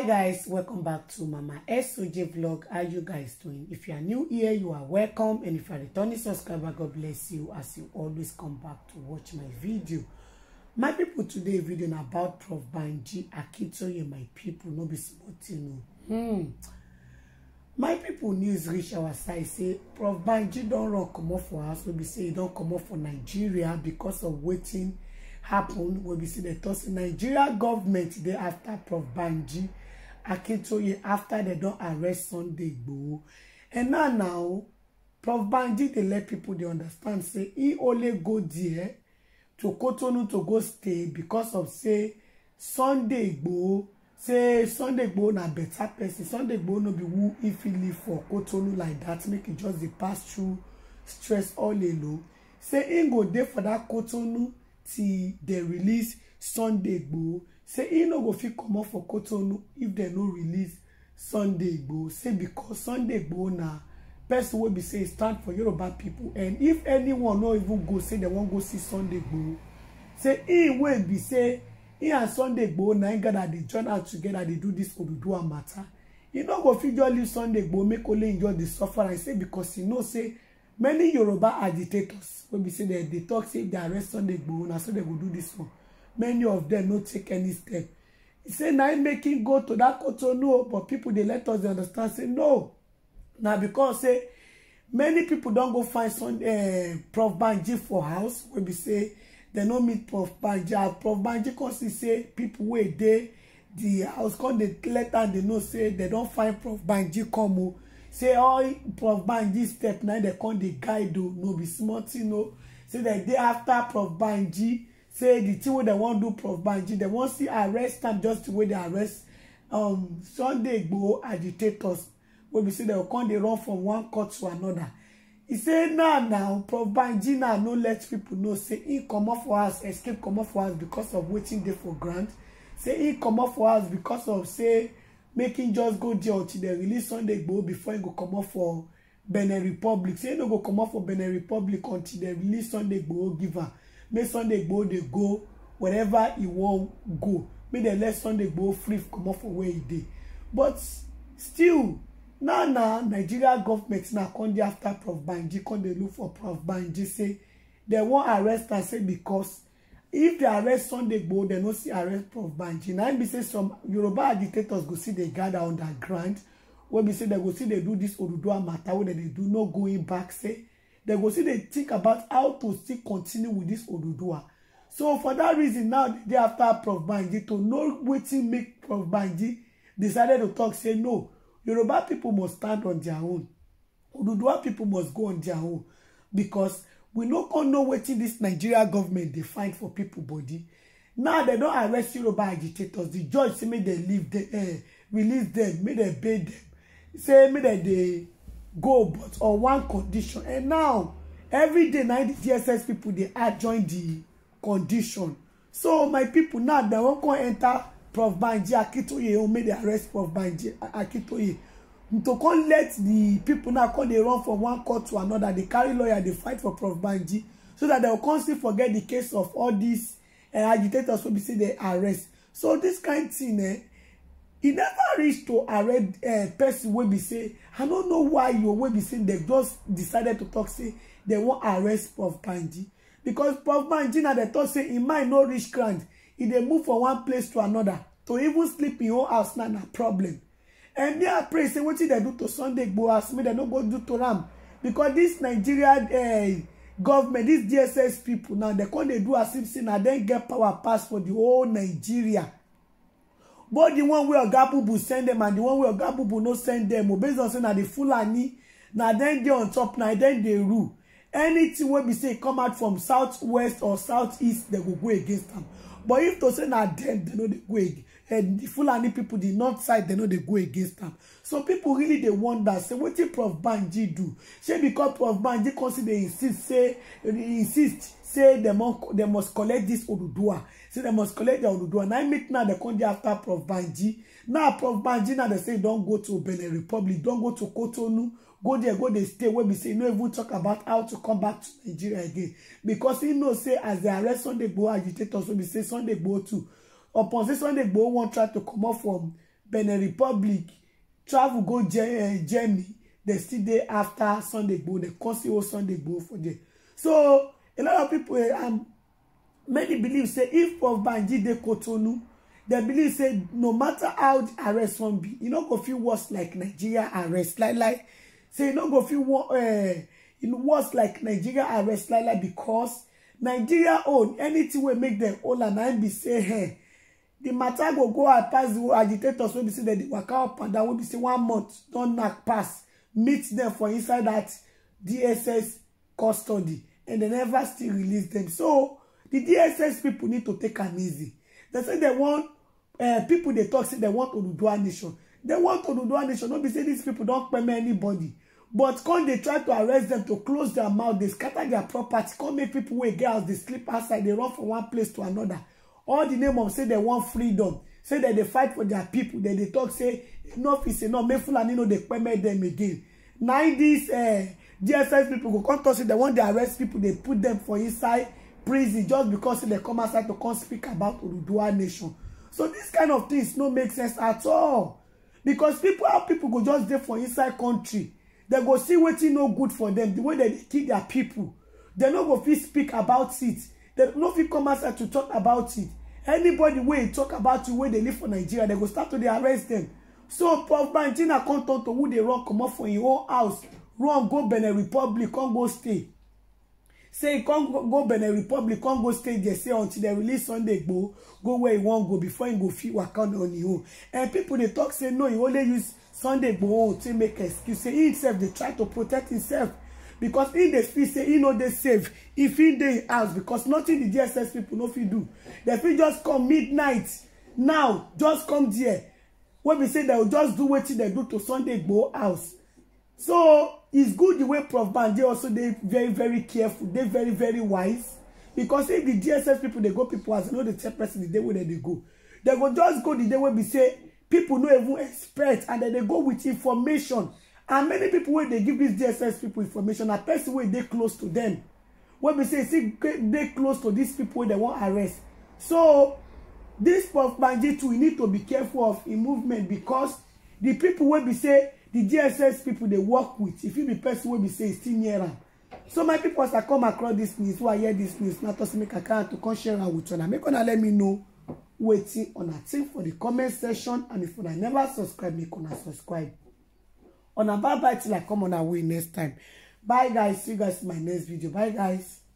hi guys welcome back to mama soj vlog how you guys doing if you are new here you are welcome and if you are returning subscriber god bless you as you always come back to watch my video my people today video about prof banji akintoye my people no be small thing hmm. my people news reach our side say prof banji don't run off for us. wey be saying don't come off for nigeria because of waiting happen wey be see the talk nigeria government dey after prof banji Akintoye after they don't arrest Sunday Igboho. And now now, Prof Banji dey let people they understand say he only go there to Cotonou to go stay because of say Sunday Igboho say Sunday Igboho na better person. Sunday Igboho no be who if he live for Cotonou like that make he just the pass through stress all alone. Say he go dey for that Cotonou till they release Sunday Igboho say he no go fit comot for kotonu if dem no release sunday igboho say because sunday igboho na person wey be say e stand for yoruba pipo and if anyone no even go say dem wan go see sunday igboho say he wey be say he and sunday igboho na im gada dey join out together dey do dis oduduwa matter. He no go fit just leave sunday igboho make only enjoy suffer. I say because he know say many yoruba agitators wey be say dem dey talk say if dem arrest sunday igboho na so dem go do dis one many of them no take any step He say now im make him go to dat cotonou but people they let us understand say no Now because say many people don't go find some eh, prof banji for house wey be say they no meet prof banji and prof banji cause he say people wey dey the house come dey let and they no say they don't find prof banji come o oh. say all oh, prof banji step now they come the guide do oh. no be small tin o say dem day after prof banji say the thing where they won't do prof banji they won't see arrest am just the way they arrest um sunday igboho agitators When we see they will come they run from one court to another. He say now now prof banji now no let people know say he come comot for us, escape come comot for us because of waiting there for Grant. say he come comot for us because of say making just go there until they release sunday igboho before he go come comot for benin republic say no go come comot for benin republic until they release sunday igboho giver." make sunday igboho dey go wherever e wan go make dem let sunday igboho free comot for where e dey but still now na nigeria government na come dey after prof banji come dey look for prof banji say dem wan arrest am say because if they arrest sunday igboho dem no see arrest prof banji na im be say some yoruba agitators go still dey gather underground wey be say dem go still dey do dis oduduwa matter wey dem dey do no going back say they go see. They think about how to still continue with this Oduduwa so for that reason now the day after Prof Banji to know wetin make Prof Banji decided to talk say no Yoruba people must stand on their own Oduduwa people must go on their own because we no come know wetin This Nigeria government defined for people body now they don't arrest Yoruba agitators the judge say make they leave dem uh, eh, release them, make they bail them. say make dem they go but on one condition and now every day na the dss people dey add join the condition so my people now dem wan come enter prof banji akintoye o make dem arrest prof banji akintoye to come let the people now come dey run from one court to another dey carry lawyer dey fight for prof banji so that dem go come still forget the case of all these uh, agitators wey be say dem arrest so this kind thing eh e never reach to arrest eh, person wey be say i no know why your wey be say dem just decided to talk say dem wan arrest prof banji because prof banji na dem talk say im mind no reach ground e dey move from one place to another to even sleep in own house na na problem and i pray say wetin dem do to sunday go as make dem no go do to am because this nigeria eh, government this dss people now dem con dey do as if say na dem get power pass for the whole nigeria both the one wey oga bubu send them, and the one wey oga bubu no send them. o based on say na the fulani na dem dey on top na dem dey rule anything wey be say come out from southwest or southeast dem go go against am but if to say na dem dem no dey go and eh, the fulani people the north side dem no dey go against am so people really dey wonder say wetin prof banji do shey because prof banji come still dey insist say insist say dem must must collect dis oduduwa say dem must collect dia oduduwa na im make now dem come dey after prof banji now prof banji now dem say e don go to benin republic don go to kotonu go there go dey stay wey be say no even talk about how to come back to nigeria again because e know say as dey arrest sunday gboo agitators wey be say sunday gboo too upon say sunday gboo wan try to comot from benin republic travel go eh, germany dem still dey after sunday gboo dem come see whole sunday gboo for there so a lot of people eh, um, many believe say if prof banji de kotonu they believe say no matter how the arrest one be you no go feel worse like nigeria arrest like like say you no go feel fit uh, eh, worse like nigeria arrest like like because nigeria own anything will make them all and I be say hey, eh, the matter go go out pass the agitators will be say dem dey waka up and down wey be say one month don't knack pass meet them for inside that dss custody and they never still release them. So the DSS people need to take an easy. They say they want uh, people they talk say they want Oduduwa nation. They want Oduduwa nation. No be saying these people don't permit anybody. But when they try to arrest them to close their mouth, they scatter their property, come make people wey get they sleep outside, they run from one place to another. All the name of say they want freedom, say that they fight for their people, Then they talk say enough is enough, make Fulani no They permit them again. Now this uh, dss people go come talk say they wan dey arrest people they put them for inside prison just because they come outside to come speak about oduduwa nation so this kind of things no make sense at all because people how people go just there for inside country they go see wetin no good for them the way they kill their people dem no go fit speak about it dem no fit come outside to talk about it anybody wey talk about you wey dey live for nigeria they go start to dey arrest them. so prof banjina come turn to who they run comot for im own house run go benin republic come go stay say e come go benin republic come go stay there say until dem release sunday go go where he wan go before he go fit waka on e own and people dey talk say no he only use sunday go own take make excuse say e himself dey try to protect himself because e dey feel say he no dey safe if e dey house because nothing the dss people no fit do dem fit just come midnight now just come there wey be say dem just do wetin dem do to sunday go house so it's good the way prof banje also dey very very careful dey very very wise because if the dss people dey go people as house no dey tell person the day wey they dey go they go just go the day wey be say people no even expect and then they go with information and many people wey dey give this dss people information na person wey dey close to them wey be say still dey close to these people wey dem wan arrest so this prof banji too e need to be careful of im movement because the people wey be say the GSS people they work with If you be person wey be say e near am so my people as i come across this news wey i hear this news na tosi make i carry to come share am with una make una let me know Waiting on a thing for the comment section and if una never subscribe make una subscribe una bye bye till i come on our way next time bye guys see you guys in my next video bye guys